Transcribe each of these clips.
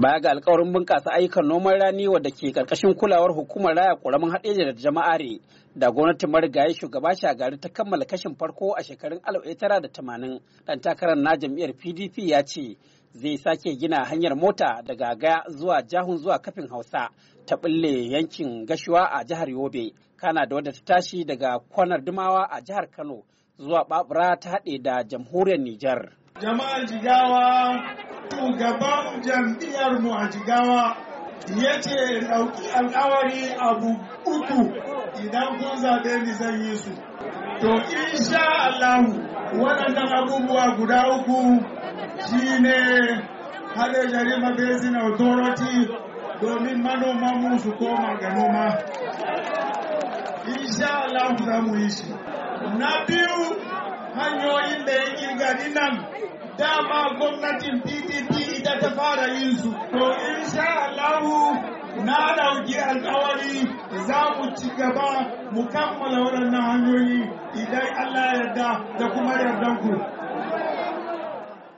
Baya ga alkawarin bunƙasa ayyukan noman rani wadda ke ƙarƙashin kulawar hukumar raya ƙoramin haɗeja da jama'are da gwamnatin marigayi shugaba shagari ta kammala kashin farko a shekarun da tamanin, ɗan takarar na jam'iyyar PDP ya ce zai sake gina hanyar mota daga gaya zuwa jahun zuwa kafin Hausa ta ɓille yankin gashuwa a jihar Yobe kana da wadda ta tashi daga kwanar Dumawa a jihar Kano zuwa Babura ta haɗe da jamhuriyar Nijar. Jama'a Jigawa, shugaban jam'iyyar mu a Jigawa ya ce ɗauki alkawari abu uku idan kun zaɓe ni zan yi su. To insha Allahu waɗannan abubuwa guda uku shine haɗe jarima basin authority domin manoma su koma ga noma. Insha Allahu za mu yi shi. Na biyu hanyoyin da ya kirgari nan dama gwamnatin pdp ita ta fara yin su to insha allahu na dauki alkawari za mu ci gaba mu kammala waɗannan hanyoyi idan allah ya yarda da kuma yardan ku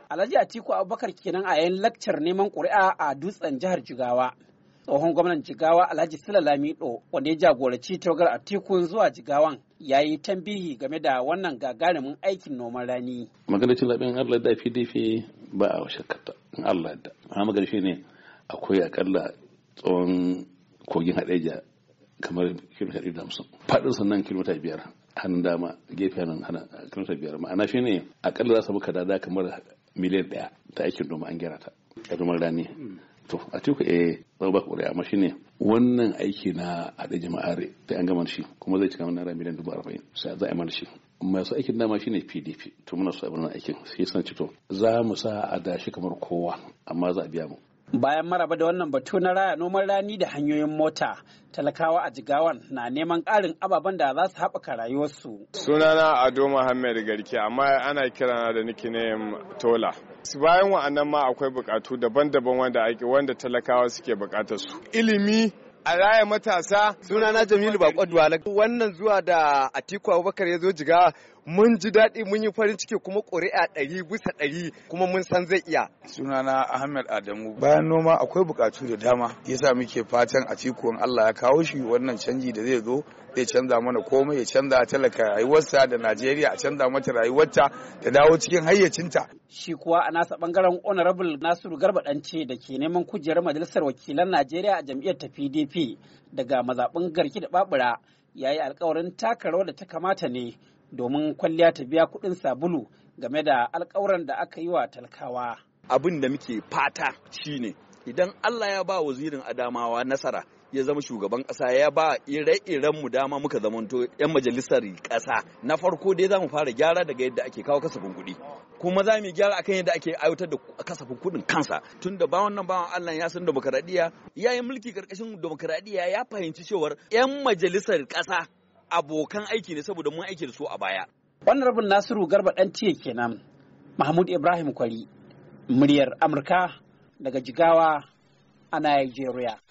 Alhaji Atiku Abubakar kenan a yayin lakcar neman ƙuri'a a dutsen jihar Jigawa. tsohon gwamnan jigawa alhaji sila lamido wanda ya jagoranci togar a zuwa jigawan ya yi tambihi game da wannan gagarumin aikin noman rani maganar cin zaɓen allah da pdp ba a shakkata in allah da amma magana shi ne akwai akalla tsohon kogin hadeja kamar kilomita ɗari da hamsin faɗin sannan kilomita biyar hannun dama gefe hannun kilomita biyar ma'ana shi ne akalla za su buka dada kamar miliyan ɗaya ta aikin noma an gyara ta a noman rani to a tuka eh Abubakar Kwarai amma ne wannan aiki na haɗe jama'ar ta an gama shi kuma zai cika naira miliyan dubu arba'in sai za a mana shi masu aikin dama ne PDP to muna su a wannan aikin sai sun ci to za mu sa a dashi kamar kowa amma za a biya mu Bayan maraba da wannan batu na raya noman rani da hanyoyin mota, talakawa a jigawan na neman ƙarin ababen da za su haɓaka rayuwarsu. Sunana Ado Muhammadu Garke, amma ana kirana da nickname Tola. Bayan wa'annan ma akwai bukatu daban-daban wanda ake wanda talakawa suke buƙatar su. Ilimi a raya matasa. Sunana Jamilu Bakon Duwala. Wannan zuwa da Atiku Abubakar ya zo jigawa mun ji daɗi mun yi farin ciki kuma ƙuri'a ɗari bisa ɗari kuma mun san zai iya. Suna na Ahmed Adamu bayan noma akwai buƙatu da dama yasa muke fatan a cikin Allah ya kawo shi wannan canji da zai zo zai canza mana komai ya canza talaka rayuwarsa da Najeriya a canza mata rayuwarta da dawo cikin hayyacinta. Shi kuwa a nasa ɓangaren Honorable Nasiru Garba ɗance da ke neman kujerar Majalisar Wakilan Najeriya a jam'iyyar ta PDP daga mazaɓin Garki da Babura yayi yi alkawarin taka rawar da ta kamata ne domin kwalliya ta biya kuɗin sabulu game da alkawuran da aka yi wa talkawa. Abin da muke fata shi ne idan Allah ya ba wazirin Adamawa nasara ya zama shugaban ƙasa ya ba ire-iren mu dama muka zamanto 'yan majalisar ƙasa na farko dai za mu fara gyara daga yadda ake kawo kasafin kuɗi kuma za mu gyara akan yadda ake aiwatar da kasafin kuɗin kansa tun da bawan nan bawan Allah ya san demokaradiyya ya yi mulki karkashin demokaradiyya ya fahimci cewar 'yan majalisar ƙasa abokan aiki ne saboda mun aiki da su a baya. rabin Nasiru Garba ɗan tiye kenan Mahmud Ibrahim Kwari muryar Amurka daga Jigawa a Nigeria.